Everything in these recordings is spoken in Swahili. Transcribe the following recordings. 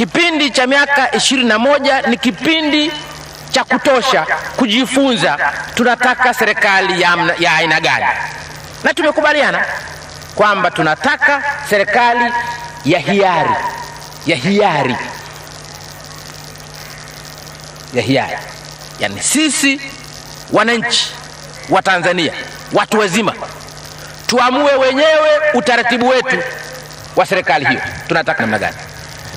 Kipindi cha miaka ishirini na moja ni kipindi cha kutosha kujifunza tunataka serikali ya, ya aina gani, na tumekubaliana kwamba tunataka serikali ya hiari ya hiari ya hiari, yani sisi wananchi wa Tanzania watu wazima tuamue wenyewe utaratibu wetu wa serikali hiyo tunataka namna gani.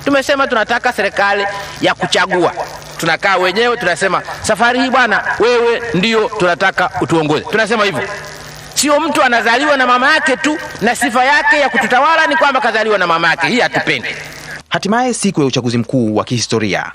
Tumesema tunataka serikali ya kuchagua. Tunakaa wenyewe tunasema, safari hii bwana, wewe ndio tunataka utuongoze. Tunasema hivyo, sio mtu anazaliwa na mama yake tu na sifa yake ya kututawala ni kwamba kazaliwa na mama yake. Hii hatupendi. Hatimaye siku ya uchaguzi mkuu wa kihistoria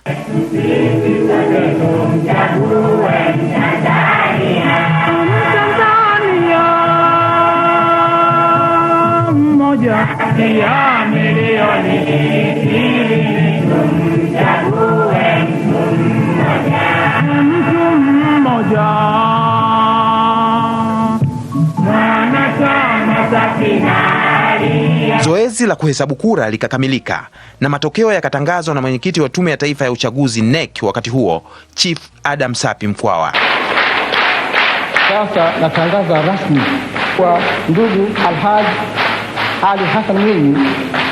Zoezi la kuhesabu kura likakamilika na matokeo yakatangazwa na mwenyekiti wa Tume ya Taifa ya Uchaguzi NEC wakati huo, Chief Adam Sapi Mkwawa. Sasa natangaza rasmi kwa ndugu Alhaji ali Hassan Mwinyi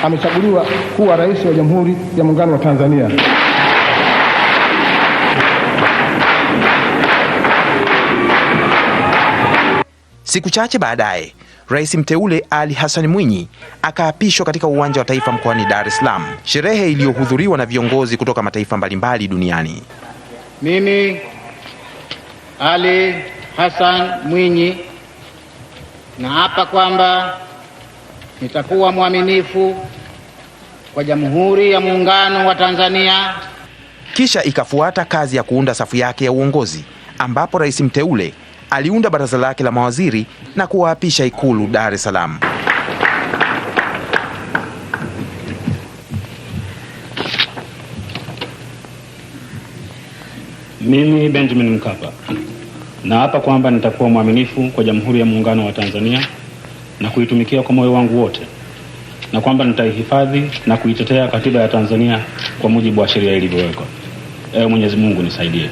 amechaguliwa kuwa rais wa Jamhuri ya Muungano wa Tanzania. Siku chache baadaye, rais mteule Ali Hassan Mwinyi akaapishwa katika uwanja wa taifa mkoani Dar es Salaam, sherehe iliyohudhuriwa na viongozi kutoka mataifa mbalimbali duniani. Mimi Ali Hassan Mwinyi naapa kwamba Nitakuwa mwaminifu kwa Jamhuri ya Muungano wa Tanzania. Kisha ikafuata kazi ya kuunda safu yake ya uongozi ambapo rais mteule aliunda baraza lake la mawaziri na kuwaapisha Ikulu Dar es Salaam. Mimi Benjamin Mkapa naapa kwamba nitakuwa mwaminifu kwa Jamhuri ya Muungano wa Tanzania na kuitumikia kwa moyo wangu wote na kwamba nitaihifadhi na kuitetea katiba ya Tanzania kwa mujibu wa sheria ilivyowekwa. Ewe Mwenyezi Mungu nisaidie.